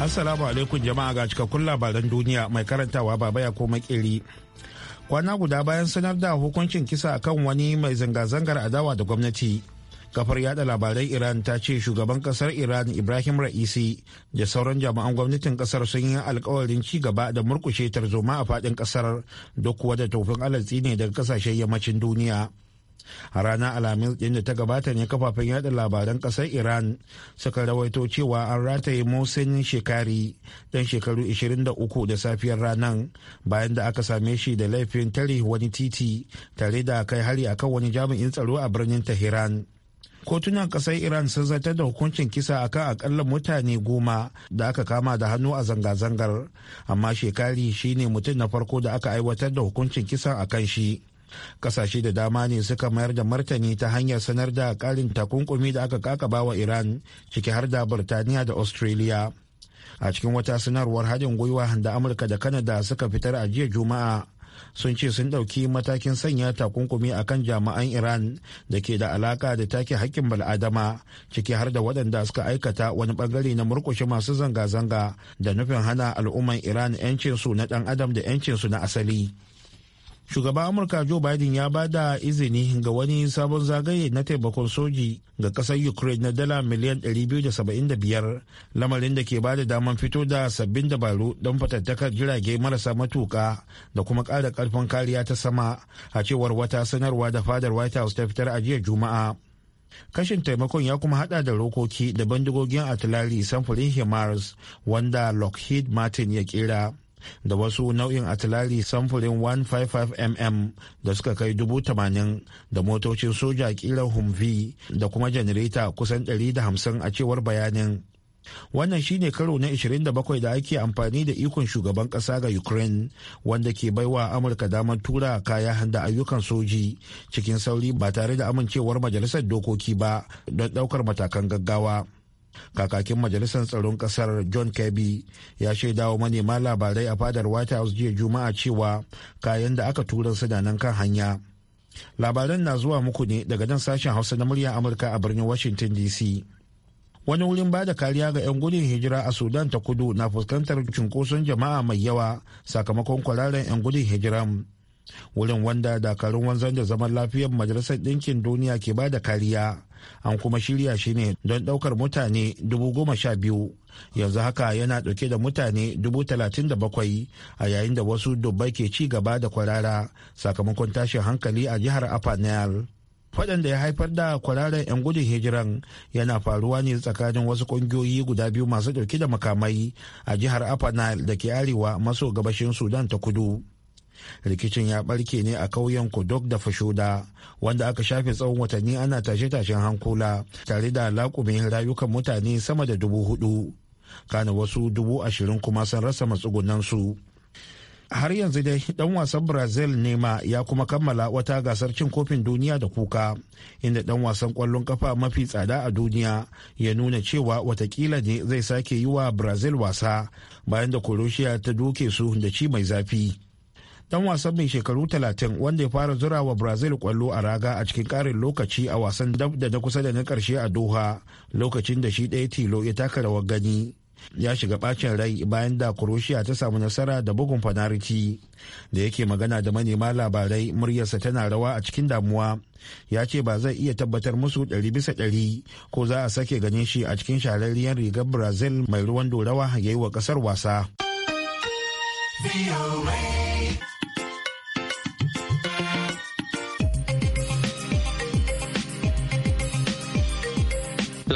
Assalamu alaikum jama'a ga cikakkun labaran duniya mai karantawa baba ya ko makeri. Kwana guda bayan sanar da hukuncin kisa kan wani mai zanga-zangar adawa da gwamnati. Kafar yada labarai Iran ta ce shugaban kasar Iran Ibrahim Ra'isi da sauran jami'an gwamnatin kasar sun yi alkawarin ci gaba da murkushe tarzoma a fadin kasar duk wadda tofin alatsi ne daga kasashen yammacin duniya. a ranar alhamis din da ta gabata ne kafafen yada labaran kasar iran suka rawaito cewa an rataye musin shekari dan shekaru 23 da safiyar ranar bayan da aka same shi da laifin tare wani titi tare da kai hari akan wani jami'in tsaro a birnin tehran kotunan kasar iran sun zartar da hukuncin kisa akan akalla mutane goma da aka kama da hannu a zanga-zangar amma shekari shine mutum na farko da aka aiwatar da hukuncin kisa kan shi kasashe da dama ne suka mayar da martani ta hanyar sanar da karin takunkumi da aka kakaba wa iran ciki har da birtaniya da australia a cikin wata sanarwar haɗin gwiwa da amurka da kanada suka fitar a jiya juma'a sun ce sun ɗauki matakin sanya takunkumi a kan jami'an iran da ke da alaka da take hakkin bal'adama ciki har da waɗanda suka aikata wani ɓangare na murkushe masu zanga-zanga da nufin hana al'umman iran 'yancinsu na ɗan adam da 'yancinsu na asali shugaban amurka joe biden ya ba da izini ga wani sabon zagaye na taimakon soji ga kasar ukraine na dala miliyan 275 lamarin da ke ba da daman fito da sabbin dabaru don fatattakar jirage marasa matuka da kuma ƙara ƙarfin kariya ta sama a cewar wata sanarwa da fadar white house ta fitar a juma'a kashin taimakon ya kuma hada da rokoki da bandigogin atilari samfurin himars wanda lockheed martin ya kera da wasu nau'in atilari samfurin 155mm da suka kai dubu tamanin da motocin soja kirar humvi da kuma janareta kusan 150 a cewar bayanin wannan shine karo na 27 da ake amfani da ikon shugaban kasa ga ukraine wanda ke baiwa amurka damar tura kaya da ayyukan soji cikin sauri ba tare da amincewar majalisar dokoki ba don daukar matakan gaggawa kakakin majalisar tsaron kasar john kirby ya shaidawa manema labarai a fadar white house jiya juma'a cewa kayan da aka tura su da nan kan hanya labaran na zuwa muku ne daga nan sashen hausa na murya amurka a birnin washington dc wani wurin ba da kariya ga 'yan gudun hijira a sudan ta kudu na fuskantar cunkoson jama'a mai yawa sakamakon kwararren 'yan gudun hijira wurin wanda dakarun wanzan da zaman lafiyar majalisar ɗinkin duniya ke ba da kariya an kuma shirya shi ne don ɗaukar mutane dubu goma sha biyu yanzu haka yana ɗauke da mutane dubu talatin da bakwai a yayin da wasu dubbai ke ci gaba da kwarara sakamakon tashin hankali a jihar apanel faɗan da ya haifar da kwararren 'yan gudun hijiran yana faruwa ne tsakanin wasu ƙungiyoyi guda biyu masu ɗauke da makamai a jihar apanal da ke arewa maso gabashin sudan ta kudu rikicin ya barke ne a ƙauyen kodok da fashoda wanda aka shafe tsawon watanni ana tashe-tashen hankula tare da laƙumin rayukan mutane sama da dubu hudu kana wasu dubu ashirin kuma sun rasa matsugunansu har yanzu dai dan wasan brazil nema ya kuma kammala wata gasar cin kofin duniya da kuka inda dan wasan kwallon kafa mafi tsada a duniya ya nuna cewa watakila ne zai sake yi wa brazil wasa bayan da croatia ta doke su da ci mai zafi dan wasan mai shekaru 30 wanda ya fara zura wa brazil kwallo a raga a cikin karin lokaci a wasan dab da na kusa da na karshe a doha lokacin da shi ɗaya tilo ya taka rawar gani ya shiga bacin rai bayan da croatia ta samu nasara da bugun fanariti da yake magana da manema labarai muryarsa tana rawa a cikin damuwa ya ce ba zai iya tabbatar musu ɗari bisa ɗari ko za a sake ganin shi a cikin shahararriyar rigar brazil mai ruwan dorawa ya yi wa ƙasar wasa.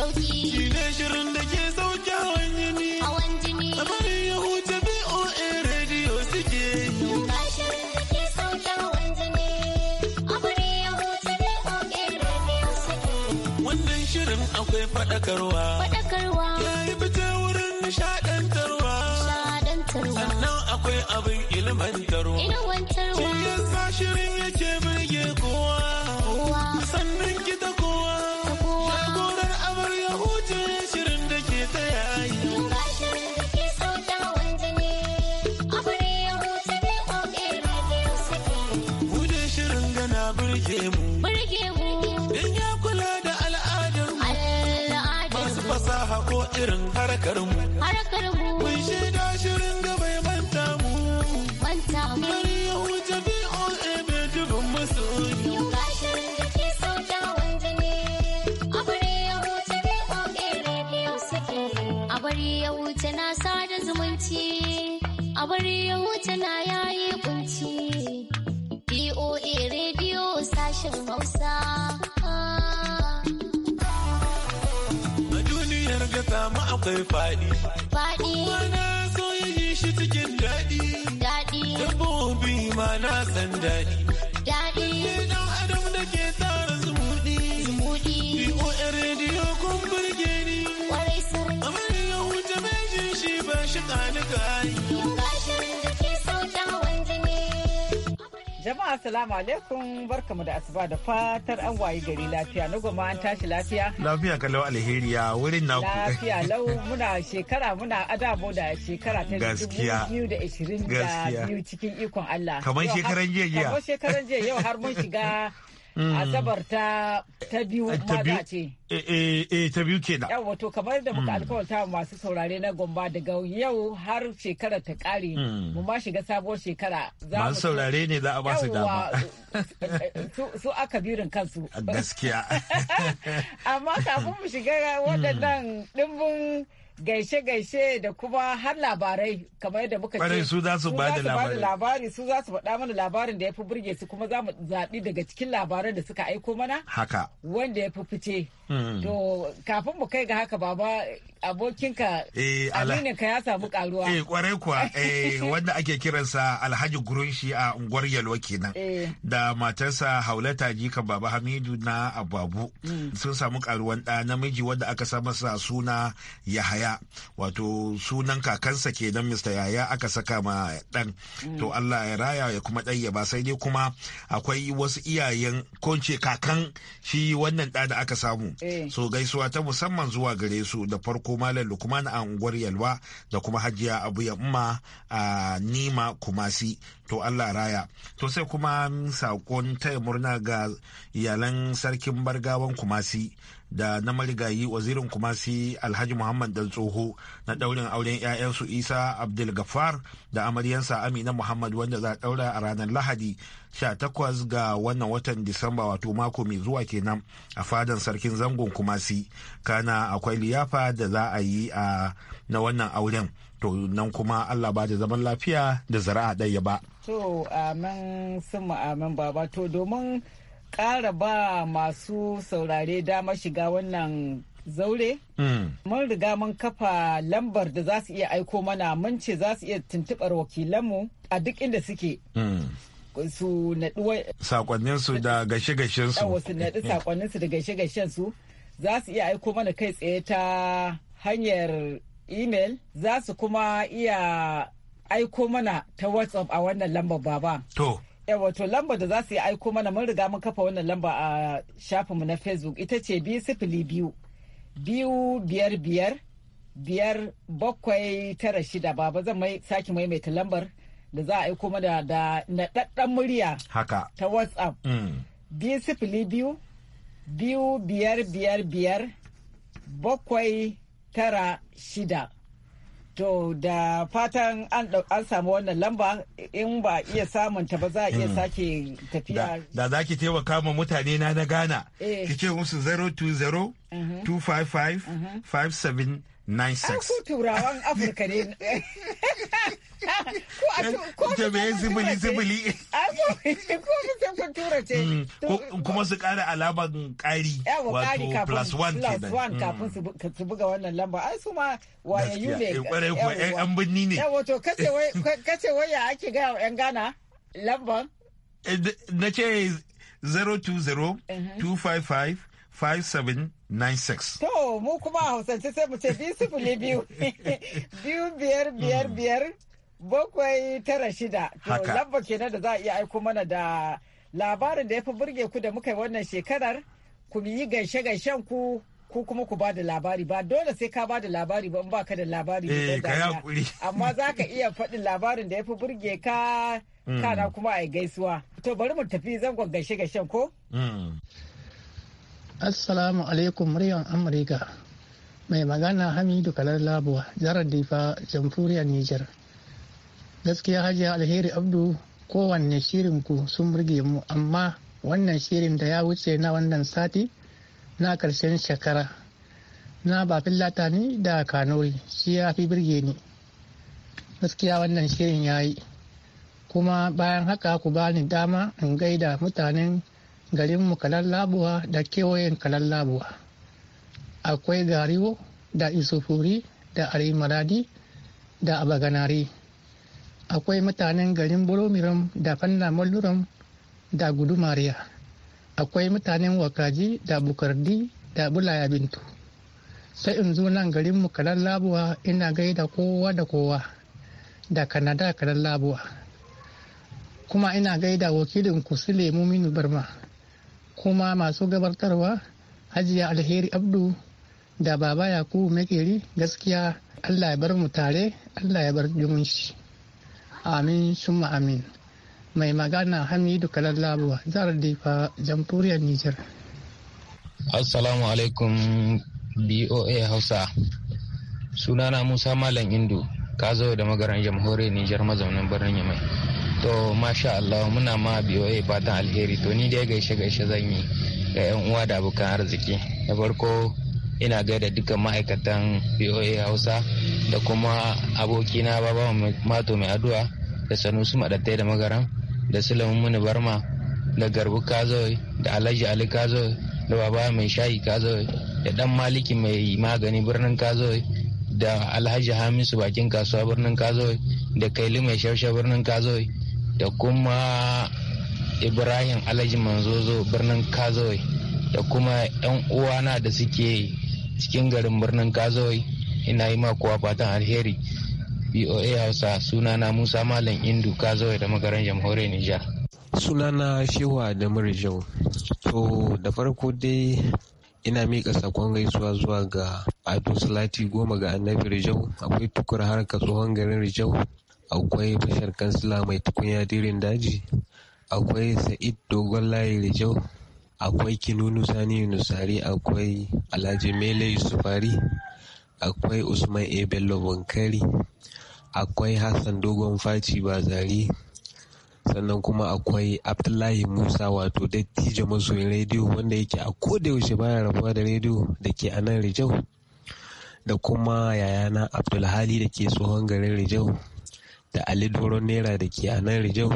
sauki. Shi ne shirin da ke sauke hawan jini. Hawan jini. A bari ya huce BOA radio suke. Ba shirin da ke sauke hawan jini. A bari ya huce BOA radio Wannan shirin akwai faɗakarwa. Faɗakarwa. Ya yi fice wurin nishaɗantarwa. Nishaɗantarwa. Sannan akwai abin ilmantarwa. Ilmantarwa. Shi yasa shirin yake burge kudirin harkar mu sai faɗi. Faɗi. Mana so ya shi cikin daɗi. Daɗi. Dabbobi ma na san daɗi. Jama'a salamu alaikum barkamu da asuba da fatar an wayi gari lafiya na goma an tashi lafiya. Lafiya ka lau alheriya wurin naku. Lafiya lau muna shekara muna adabo da shekara ta dubu da ishirin da biyu cikin ikon Allah. Kamar shekaran jiya jiya. Kamar shekaran jiya yau har mun shiga Mm. asabar ta ta biyu eh, maza ce eh, eh, ta biyu ke da. Yau wato kamar da muka mm. alkawarta masu saurare na gomba daga yau har shekara ta kare mm. mu ma shiga sabuwar shekara masu saurare ne za a ba su dama su aka birin kansu gaskiya amma kafin mu shiga waɗannan dimbin gaishe-gaishe da kuma har labarai kamar yadda muka ce su za su bada labari su za su faɗa mana labarin da ya fi burge su kuma za mu zaɓi daga cikin labaran da suka aiko mana haka wanda ya fi fice hmm. to kafin mu kai ga haka baba abokinka eh, aminin ka ya samu karuwa eh kwarai kuwa eh, wanda ake kiransa alhaji gurunshi a unguwar yalwa kenan eh. da matarsa haulata jika baba hamidu na ababu hmm. sun samu karuwan ɗa namiji wanda aka sa masa suna yahaya wato sunan kakansa kenan mr yaya aka saka ma dan mm. to allah ya raya ya kuma ɗan ba sai dai kuma akwai wasu iyayen konce kakan shi wannan ɗa da aka samu eh. so gaisuwa ta musamman zuwa gare su da farko malam lukman a unguwar yalwa da kuma hajiya abu umma a nima kumasi to allah raya to sai kuma sakon taya murna ga iyalan sarkin bargawan kumasi da na marigayi wazirin kumasi alhaji muhammad dan tsoho na daurin auren 'ya'yansu isa abdul gafar da amaryansa amina muhammad wanda za a daura a ranar lahadi 18 ga wannan watan disamba wato mako mai zuwa kenan a fadan sarkin zangon kumasi kana akwai liyafa da za a yi a na wannan auren to nan kuma allah ba da zaman lafiya da zara'a ɗaya ba to amin sun amin baba to domin ƙara ba masu saurare damar shiga wannan zaure. Hmm. Mun riga mun kafa lambar da za su iya aiko mana mun ce za su iya tuntuɓar wakilanmu a duk inda suke. Hmm. Su naɗi sakonninsu da gashe-gashensu. Su naɗi sakonninsu da gashe-gashensu za su iya aiko mana kai tsaye ta hanyar email za su kuma iya aiko mana ta WhatsApp a wannan lambar baba. To. wato lambar da za su yi aiko mana mun riga mun kafa wannan lamba a shafinmu na facebook ita ce biyu sifili biyu biyu biyar biyar biyar bakwai tara shida baba zan mai sake maimaita lambar da za a aiko mana da naɗaɗɗen murya haka ta whatsapp mm. biyu sifili biyu biyu biyar biyar biyar bakwai tara shida To da fatan an samu wannan lamba in ba iya samun ta ba za a iya mm. sake tafiya. Da za ki taimaka ma mutane na na Ghana. Eh. Ki ce musu 020-255-5796. Mhm. Mhm. An turawan Afirka ne. ko me zibili zibili ko tura ce mm, kuma su kara alaman kari wato plus one kenan mm. kafin su buga wannan lamba ai su ma wayayyu ne kwarai eh, kuwa yan birni ne wato kace waya ake ga yan gana lamban eh, na ce 020 255 5796. To, mu kuma a hausance sai mu ce biyu sifili biyu, biyu biyar biyar mm. biyar bakwai tara shida to lamba kenan da za a iya aiko mana da labarin da ya fi burge ku da muka yi wannan shekarar ku yi gaishe gaishen ku ko kuma ku da labari ba dole sai ka ba da labari ba in ba ka da labari eh ka amma zaka iya faɗin labarin da ya fi burge ka hmm. kana kuma a gaisuwa to bari mu tafi zangon gaishe gaishen ko hmm. assalamu alaikum muryan amurka mai magana hamidu kalar labuwa jarar difa jamhuriyar nijar. gaskiya hajiya alheri abdu kowanne shirin ku sun burge mu amma wannan shirin da ya wuce na wannan sati na karshen shekara na bafin ni da kanori shi ya fi birge ni gaskiya wannan shirin ya yi kuma bayan haka ku bani dama in gaida mutanen garin mu kalar labuwa da kewayen kalar labuwa akwai gariwo da isufuri da arimaradi da abaganari akwai mutanen garin boromiram da fanna da gudu Maria. akwai mutanen wakaji da bukardi da bulaya bintu sai in zo nan garin mu kalan labuwa ina gaida kowa da kowa da kanada kalan labuwa kuma ina gaida wakilin kusule muminu barma kuma masu gabatarwa hajiya alheri abdu da baba yakubu makeri gaskiya allah ya bar mu tare allah ya bar jumunci amin summa amin mai magana hamidu labuwa zar difa jamhuriyar niger assalamu alaikum boa hausa sunana musa malam indu ka zo da magaran jamhuriyar nijar mazaunin birnin yamai to masha allah muna ma boa fatan alheri to ni dai gaishe gaishe zan yi ga yan uwa da abokan arziki na farko ina gaida dukkan ma'aikatan boa hausa da kuma abokina baba mato mai addu'a da su madattai da magaran da sulamun muni barma da garbu kazoi da alhaji ali kazoi da baba mai shayi kazoi da dan maliki mai magani birnin kazoi da alhaji hamisu bakin kasuwa birnin kazoi da kaili mai shaushe birnin kazoi da kuma ibrahim alhaji manzozo birnin kazoi da kuma yan uwana da suke cikin garin birnin kazoi ina yi makuwa fatan alheri boa hausa na musa malam indu zo da magaran jamhuriyar nijar sunana shewa da murjau to da farko dai ina miƙa sakon gaisuwa zuwa ga ado salati goma ga annabi rijau akwai tukur harka tsohon garin rijau akwai bashar kansila mai tukunya dirin daji akwai sa'id dogon layi rijau akwai kinunu sani nusari akwai alhaji mele yusufari akwai usman a bello bankari akwai hassan dogon faci bazari sannan kuma akwai abdullahi musa wato dattijo masoyin rediyo wanda yake a kodayaushe baya rabuwa da rediyo da ke a nan rijau da kuma yayana abdulhali da ke tsohon garin rijau da ali doron naira da ke a nan rijau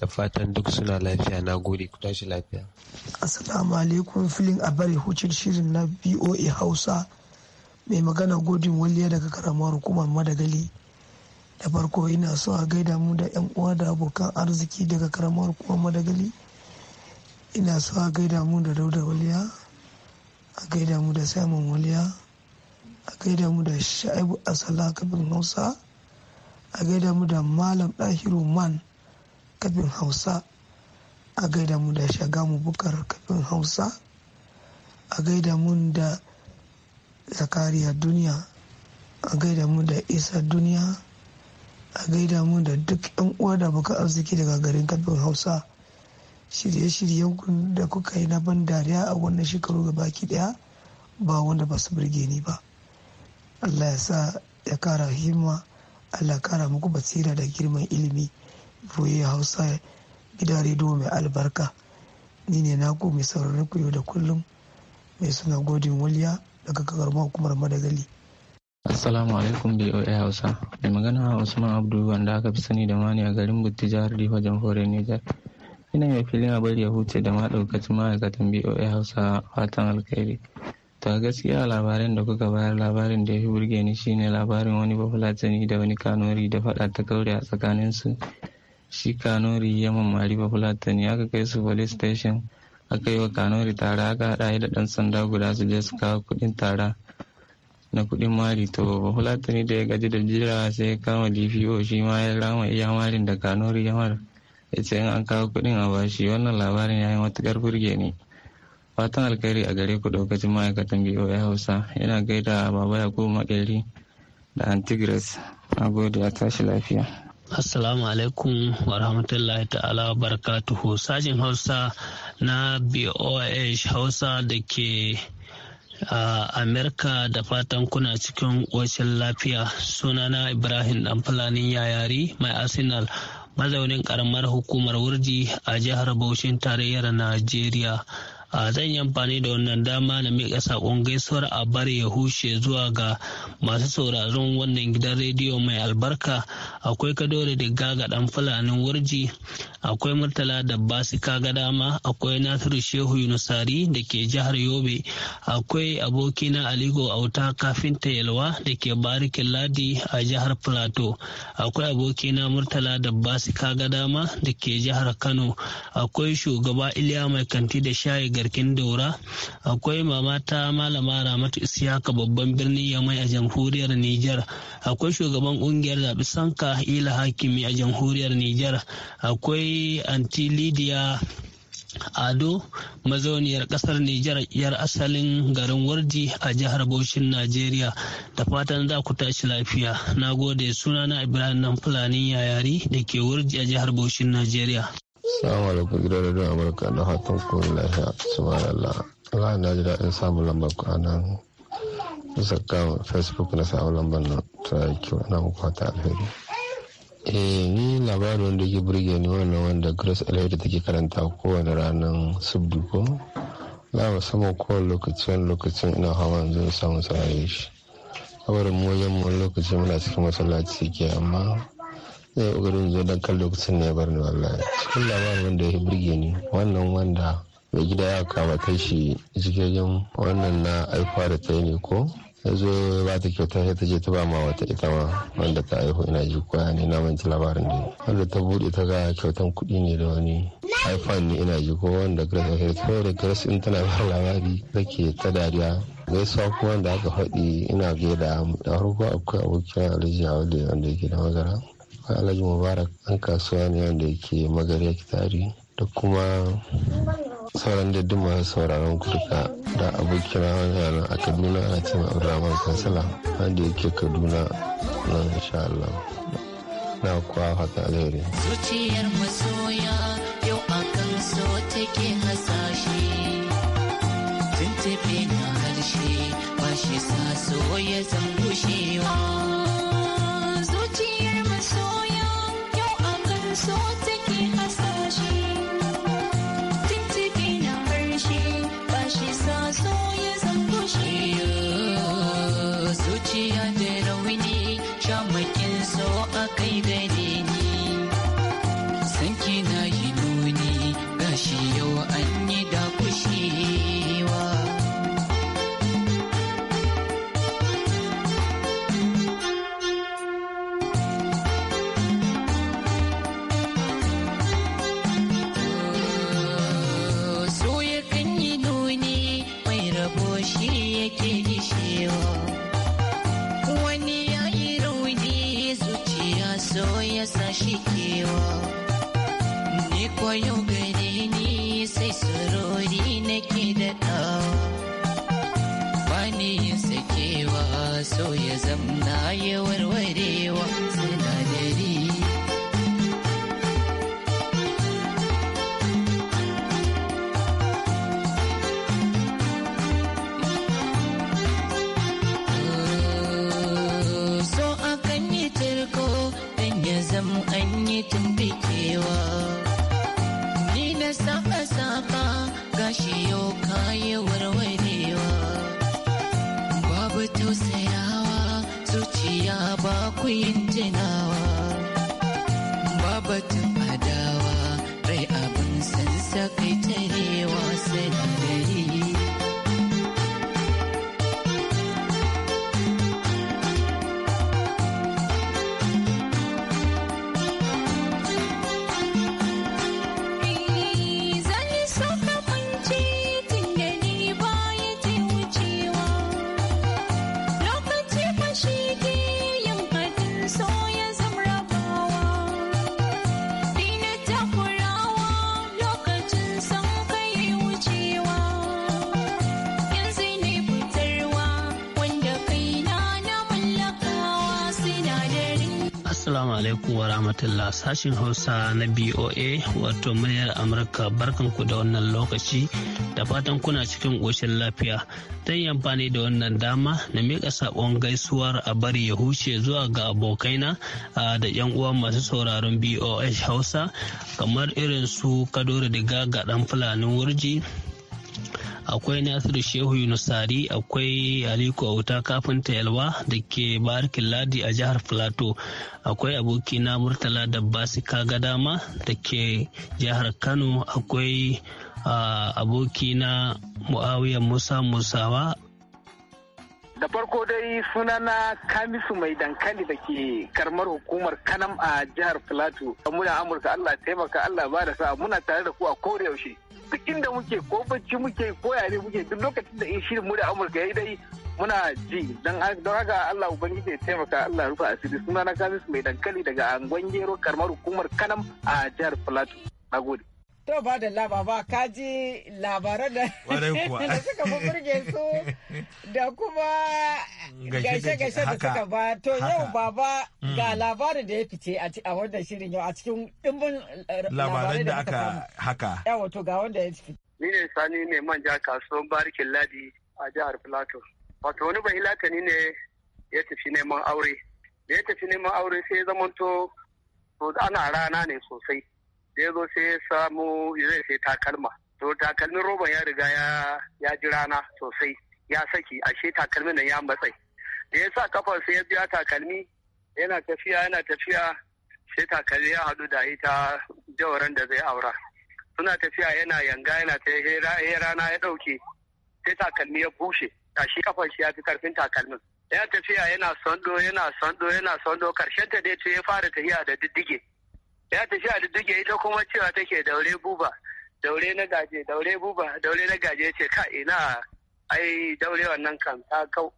da fatan duk suna lafiya na gode ku tashi lafiya assalamu alaikum filin abari hucin shirin na boa hausa mai magana godin waliya daga karamar hukumar madagali da farko ina so a gaida mu da yan uwa da abokan arziki daga karamar hukumar madagali ina so a gaida mu da dauda waliya a gaida mu da simon waliya a gaida mu da sha'ibu asala kafin hausa a gaida mu da malam ɗahiru man kafin hausa a gaida mu da shagamu bukar kafin hausa a gaida mu da zakariya duniya a gaida mu da isa duniya a gaida mu da duk yan uwa da baka arziki daga garin kafin hausa shirye-shiryen da kuka yi na ban dariya a wannan shekaru ga baki daya ba wanda ba su birge ni ba allah ya sa ya kara himma allah kara muku basira da girman ilimi voye hausa gida rediyo mai albarka ni ne na ku mai sauraron ku yau da kullum mai suna godin waliya daga kagarma hukumar madagali Assalamu alaikum BOA Hausa. Mai magana a Usman Abdu wanda aka fi sani da mani a garin Butti jihar Rifa jamhuriyar Nijar. Ina mai filin a bari ya huce da ma daukacin ma'aikatan BOA Hausa fatan alkhairi. Ta gaskiya labarin da kuka bayar labarin da ya fi burge ni shine labarin wani bafulatani da wani kanori da faɗa ta kaure a tsakaninsu. Shi kanori ya mamari bafulatani aka kai su police station. aka yi wa kanori tara aka haɗa da ɗan sanda guda su je su kawo kuɗin tara na kuɗin mari to bafulatani da ya gaji da jira sai ya kama dpo shi ma ya rama iya marin da kanori ya mara ya ce in an kawo kuɗin a bashi wannan labarin ya yi matuƙar burge ne fatan alkhairi a gare ku ɗaukacin ma'aikatan ya hausa yana gaida baba yakubu makeri da antigras na gode a tashi lafiya Assalamu alaikum wa rahmatullahi ta'ala barakatuhu. Sajin Hausa na BOH Hausa da ke a uh, Amerika da fatan kuna cikin ƙoshin lafiya. Sunana Ibrahim Ɗanfulanin Yayari mai Arsenal mazaunin ƙaramar hukumar wurji a jihar Bauchin tarayyar Najeriya. zan yi amfani da wannan dama na miƙa saƙon gaisuwar a bar ya hushe zuwa ga masu sauraron wannan gidan rediyo mai albarka akwai kadore da gaga dan fulanin wurji akwai murtala da basika dama akwai nasiru shehu yunusari da ke jihar yobe akwai abokina aligo auta kafinta yalwa da ke barikin ladi a jihar plateau akwai abokina murtala da basika dama da ke jihar kano akwai shugaba iliya mai kanti da shayi ga garkin daura akwai mama ta malama ramatu isiyaka babban birnin yamai a jamhuriyar nijar akwai shugaban kungiyar zaɓi sanka ila hakimi a jamhuriyar nijar akwai anti lidiya ado mazauniyar ƙasar Nijar yar asalin garin wardi a jihar Bauchin Najeriya da fatan za ku tashi lafiya. Na gode sunana Ibrahim nan Fulani Yayari da ke wardi a jihar Bauchin Najeriya. Salamu alaikum gidan radio Amurka na fatan kuma lafiya subhanallah. Allah na ji daɗin samun lambar ku a nan zakka Facebook na samun lambar na ta kyau na muku fata alheri. Eh ni labarin wanda ke burge ni wannan wanda Grace Alheri take karanta kowane ranar subdu ko? Na musamman kowane lokaci wani lokacin ina hawa yanzu samun sarari shi. Saboda mu wajen mu wani lokaci muna cikin masallaci ke amma zai ƙoƙarin zo dan kan lokacin ne ya bar ni wallahi cikin labarin wanda ya burge ni wannan wanda mai gida ya kama kai shi jikin wannan na aifuwa da ta yi ne ko ya zo ya ba ta kyauta sai ta je ta ba ma wata ita ma wanda ta aihu ina ji kwaya ne na manci labarin da wanda ta bude ta ga kyautan kuɗi ne da wani iphone ne ina ji ko wanda grace ta ta da grace in tana ba labari take ta dariya gaisuwa kuma wanda aka faɗi ina gaida da farko akwai abokin alhaji a wanda yake da magana akwai alhaji mubarak ɗan kasuwa ne wanda yake magariya kitari da kuma sauran da duma sauraron kuduka da abokin wani a kaduna a cikin abdurrahman kansala wanda yake kaduna na insha Allah na kuwa haka alheri zuciyar masoya yau akan so take hasashe tuntube na harshe ba shi sa so ya zan gushewa so ya zamna ya alaikum wa sashen Hausa na BOA wato muryar Amurka barkan ku da wannan lokaci da fatan kuna cikin ƙoshin lafiya. Zan yi amfani da wannan dama na miƙa saƙon gaisuwar a bari ya huce zuwa ga abokaina da 'yan uwa masu sauraron BOA Hausa kamar irin su Kaduri Diga ga ɗan Fulani Wurji. akwai nasiru shehu yunusari akwai aliko auta kafinta yalwa da ke bayar ladi a jihar filato akwai abokina murtala da basika gadama da ke jihar kano akwai ah, abokina muawiyar musa musawa da farko dai sunana kamisu mai dankali da ke karmar hukumar kanam a jihar A muna amurka allah taimaka allah ba da sa'a muna tare da ku a kore yaushe duk inda muke ko bacci muke ko yare muke duk lokacin da in shirin mu da amurka ya dai muna ji don haka allah ubangiji ya taimaka allah rufa asiri sunana kamisu mai dankali daga angon gero karmar hukumar kanam a jihar Na gode. To ba da laba ba ka ji labaran da suka burge su da kuma gashe-gashe da suka ba. To yau baba mm. ga labarin da ya fice a wannan shirin yau a cikin dimbin eh, labaran da aka haka. Yawon to ga wanda ya fice. Ni ne sani ne manja kasuwan barikin ladi a jihar Filato. Wato wani ni ne ya tafi neman aure. Da ya tafi neman aure sai ya zamanto ana rana ne sosai. da ya zo sai ya samu zai sai takalma to takalmin roban ya riga ya ji rana sosai ya saki ashe takalmin nan ya matsai da ya sa kafar sai ya biya takalmi yana tafiya yana tafiya sai takalmi ya haɗu da ita jawaran da zai aura suna tafiya yana yanga yana ta ya rana ya ɗauke sai takalmi ya bushe ashe kafar shi ya fi karfin takalmin yana tafiya yana sando yana sando yana sando karshen ta dai ya fara tafiya da diddige ya tafi a dudduge ita kuma cewa take daure buba daure na gaje daure buba daure na gaje ce ka ina ai daure wannan kan ta kau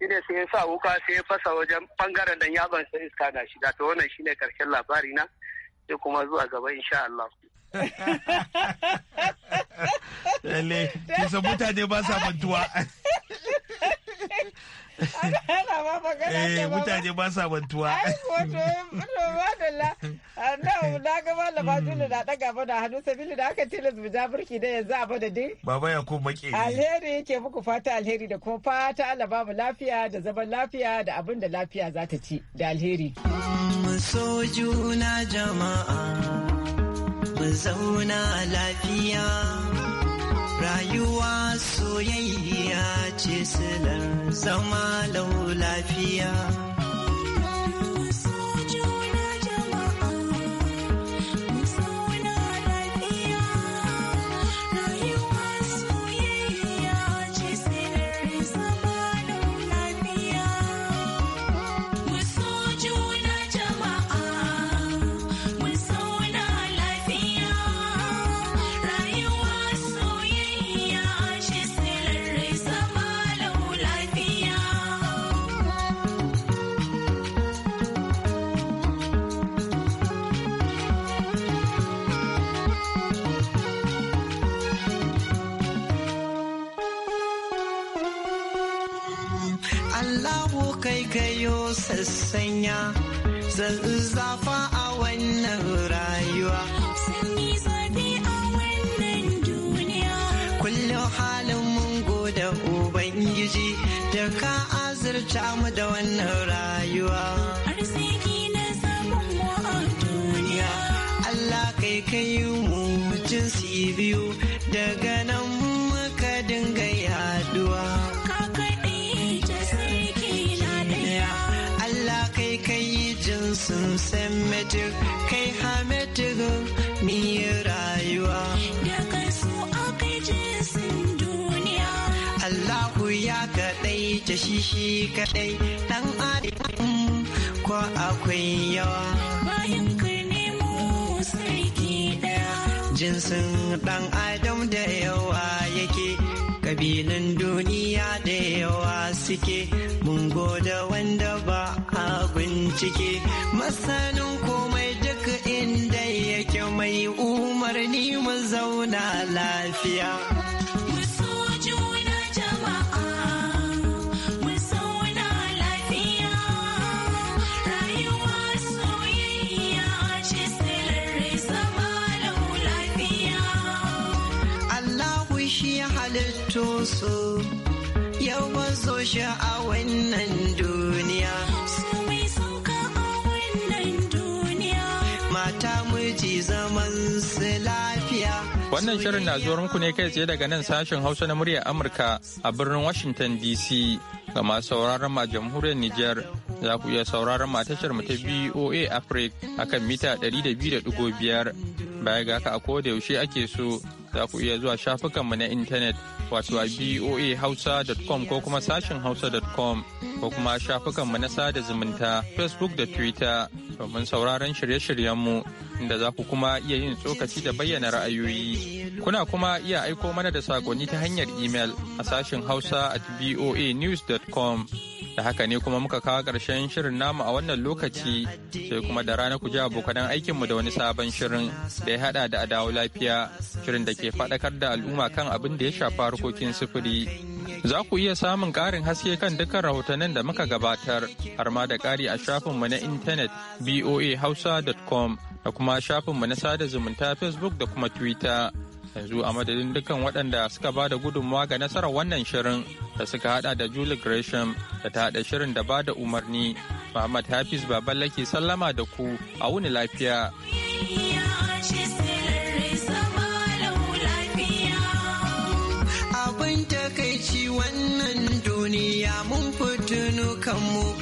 shine sai ya sa wuka sai ya fasa wajen bangaren dan yaban sai iska na da to wannan shine karshen labari na sai kuma zuwa gaba insha Allah lalle kisa mutane ba sa mantuwa magana eh, mutane ba sa mantuwa. Ai wato madalla ah, na na ga malama hmm. Julu na daga mana hannu sabili da aka tilas mu ja burki da yanzu a bada dai. Baba ya ko Alheri yake muku fata alheri da kuma fata Allah ba mu lafiya da zaman lafiya da abin da lafiya za ta ci da alheri. so juna jama'a mu zauna lafiya. rayuwa soyayya ce silar zama lau lafiya zafa a wannan rayuwa. a wannan Kullum halin mun goda Ubangiji da ka azurta mu da wannan hamidin kai hamidin mi rayuwa da kai so aka duniya Allahu ya kaɗai ta shi shi kaɗai ɗan adam ko akwai yawa bayan ka nemo sarki ɗaya jinsin ɗan adam da yawa yake kabilan duniya da yawa suke mun goda wanda ba a bincike masanin komai duk inda yake mai umarni mu zauna lafiya so yau mazo a wannan duniya mata miji zaman su lafiya wannan shirin na zuwar muku ne kai tsaye daga nan sashen hausa na muryar amurka a birnin washington dc ga masu sauraron ma jamhuriyar niger za ku iya sauraron ma tashar mu ta voa africa akan mita 200.5 baya ga haka a koda yaushe ake so za ku iya zuwa shafukanmu na intanet wato a voahausa.com ko kuma sashin hausa.com ko kuma shafukanmu na sada zumunta facebook da twitter domin sauraron shirye-shiryenmu inda za ku kuma iya yin tsokaci da bayyana ra'ayoyi kuna kuma iya aiko mana da sakonni ta hanyar email a sashen hausa at voanews.com Da haka ne kuma muka kawo ƙarshen shirin namu a wannan lokaci sai kuma da rana ku ji abokan aikinmu da wani sabon shirin da ya haɗa da adawo lafiya shirin da ke faɗakar da al'umma kan abin da ya shafa harkokin sufuri. Za ku iya samun ƙarin haske kan dukkan rahotannin da muka gabatar har ma da ƙari a shafinmu na intanet hausa.com da kuma shafinmu na sada zumunta Facebook da kuma Twitter. yanzu a madadin dukkan waɗanda suka ba da gudunmawa ga nasarar wannan shirin da suka hada da julie gresham da ta haɗa shirin da ba da umarni muhammad hafiz baballake sallama da ku a wuni lafiya wannan duniya mun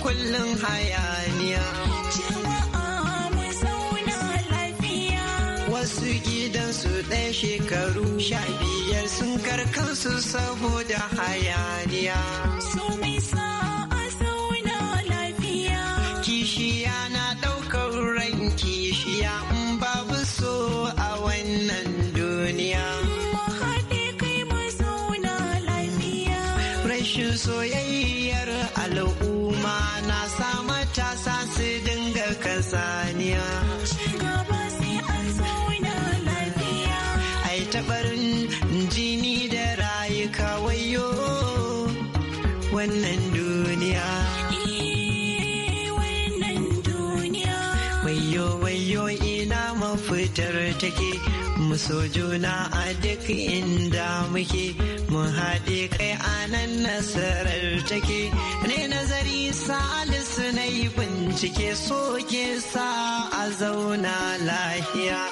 kullum hayani su ɗan shekaru sha biyar sun karkansu saboda hayaniya. So me sa a zauna lafiya. Kishiya na ɗaukar ran kishiya in babu so a wannan duniya. Mahaɗe kai mazauna lafiya. Rashin soyayyar a muso juna a duk inda muke mu haɗe kai anan nasarar take ne nazari salisu na yi bincike soke sa a zauna lahiya